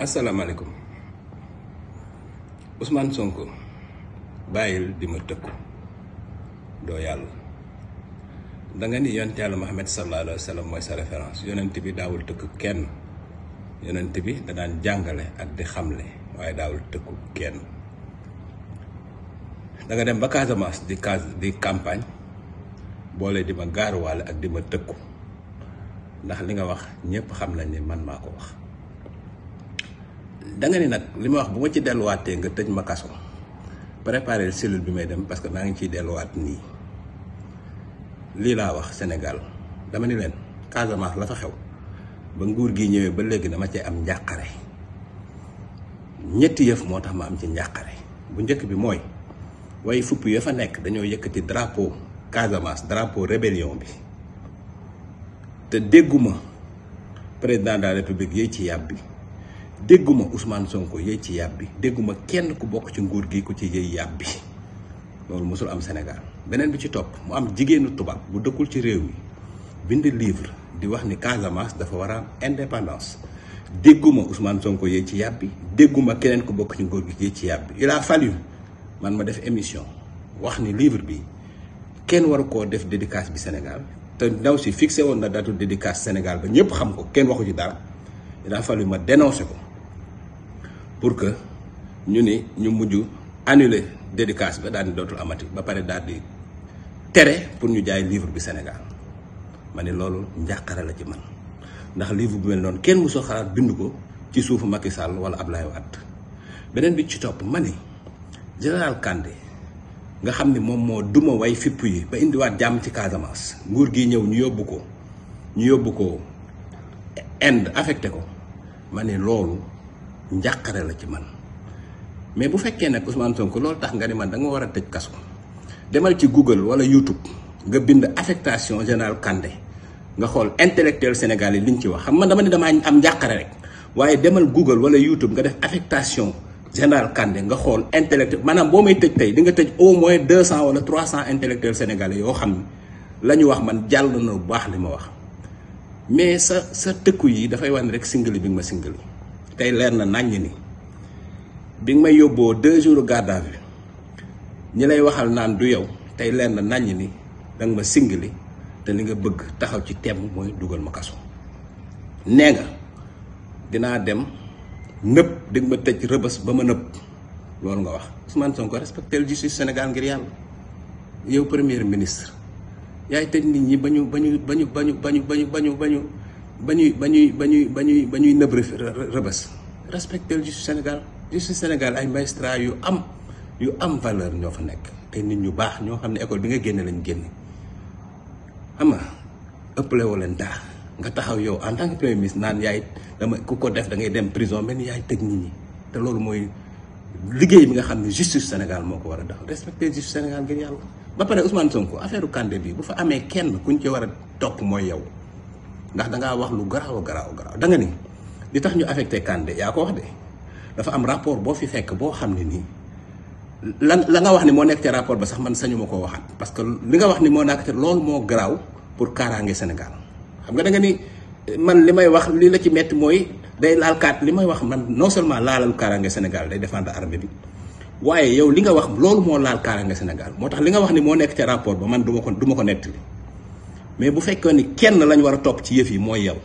asalaamaaleykum Ousmane Sonko bàyyil di ma tëkku doo yàlla da nga ni yonent yàlla Muhammad sallallahu alayhi wa sallam mooy sa référence yonent bi daawul tëkk kenn yonent bi da jàngale ak di xamle waaye daawul tëkku kenn danga dem ba Casamance di cas di campagne boole di ma gaaruwaale ak di ma tëkku ndax li nga wax ñépp xam nañ ni man maa ko wax danga ni nag li ma wax bu ma ci delluwaatee nga tëj ma kaso préparer cellule bi may dem parce que maa ngi ciy delluwaat nii lii laa wax Sénégal dama ni leen Casamance la fa xew ba nguur gi ñëwee ba léegi dama cee am njàqare ñetti yëf moo tax ma am ci njàqare bu njëkk bi mooy waaye fupp ya fa nekk dañoo yëkkati drapeau Casamance drapeau rébellion bi te dégguma président de la république yéy ci bi dégguma Ousmane Sonko yëy ci yàbbi dégguma kenn ku bokk ci nguur gi ko ci yëy bi loolu mosul am Sénégal beneen bi ci topp mu am jigéenu tubaab bu dëkkul ci réew mi bind livre di wax ni Casamance dafa war a am indépendance dégguma Ousmane Sonko yëy ci bi dégguma keneen ku bokk ci nguur gi yëy ci yàbbi ilaa a fallu man ma def émission wax ni livre bi kenn waru koo def dédicace bi Sénégal te ndaw si fixé woon na datu dédicace Sénégal ba ñëpp xam ko kenn waxu ci dara il a ma dénoncé ko pour que ñu ni ñu mujj annuler dédicace ba daal di dootul amati ba pare daal di tere pour ñu jaay livre bi Sénégal ma ne loolu njàqare la ci man ndax livre bu mel noonu kenn mosoo xaraat bind ko ci suufu Macky Sall wala Abdoulaye waat beneen bi ci topp ma ni général Kandé nga xam ni moom moo duma way fipp yi ba indiwaat jàmm ci Casamance nguur gi ñëw ñu yóbbu ko ñu yóbbu ko Inde affecté ko ma ne loolu njàqare la ci man mais bu fekkee nag Ousmane Sonko loolu tax nga ni man da nga war a tëj kaso demal ci Google wala YouTube nga bind affectation générale Kandé nga xool intellectuel Sénégal yi liñ ci wax xam man dama ne damaa am njàqare rek waaye demal Google wala YouTube nga def affectation général Kandé nga xool intellectuel maanaam boo may tëj tey di nga tëj au moins deux cent wala trois cent intellectuels sénégalais yoo xam ne la ñu wax man jàll na bu baax li ma wax mais sa sa tëkku yi dafay wane rek singali bi nga ma singali tey leer na naññ ni bi nga may yóbboo deux jours garde à ñi lay waxal naan du yow tey leer na naññ ni danga ma singili te li nga bëgg taxaw ci temm mooy dugal ma kaso nee nga dinaa dem nëpp di nga ma tëj rëbës ba ma nëpp loolu nga wax Ousmane Sonko respecté justice Sénégal ngir yàlla yow premier ministre yaay tëj nit ñi ba ba ñu ba ñu ba ñu ba ñu ba ñu ba ñu ba ñuy ba ñuy ba ñuy ba ñuy ba ñuy nëb rëbës respecté justice Sénégal justice Sénégal ay magistrat yu am yu am valeur ñoo fa nekk ay nit ñu baax ñoo xam ne école bi nga génne lañu génne xam nga ëppale woo leen dara nga taxaw yow en tant que premier ministre naan yaay dama ku ko def da ngay dem prison mel ni yaay tëj nit ñi te loolu mooy liggéey bi nga xam ne justice Sénégal moo ko war a def respecté justice Sénégal ngir yàlla ba pare Ousmane Sonko affaire Kandé bu fa amee kenn kuñ ci war a topp mooy yow. ndax dangaa wax lu garaaw garaaw garaaw da nga ni li tax ñu affecté Kandé yaa ko wax de dafa am rapport boo fi fekk boo xam ne nii lan la nga wax ni moo nekk ci rapport ba sax man sañu ma koo waxaat parce que li nga wax ni moo nekk ci loolu moo garaaw pour kaaraange Sénégal xam nga ni man li may wax li la ci métti mooy day laal kaat li may wax man non seulement laalal kaaraange Sénégal day défendre armée bi waaye yow li nga wax loolu moo laal kaaraange Sénégal moo tax li nga wax ni moo nekk ci rapport ba man du ma ko du ma ko nettali mais bu fekkee ni kenn lañu war a topp ci yëf yi mooy yow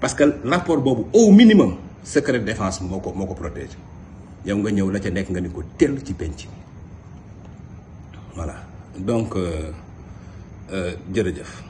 parce que rapport boobu au minimum secret défense moo ko moo ko protège yow nga ñëw la ca nekk nga ni ko tell ci penc mi voilà donc euh, euh, jërëjëf.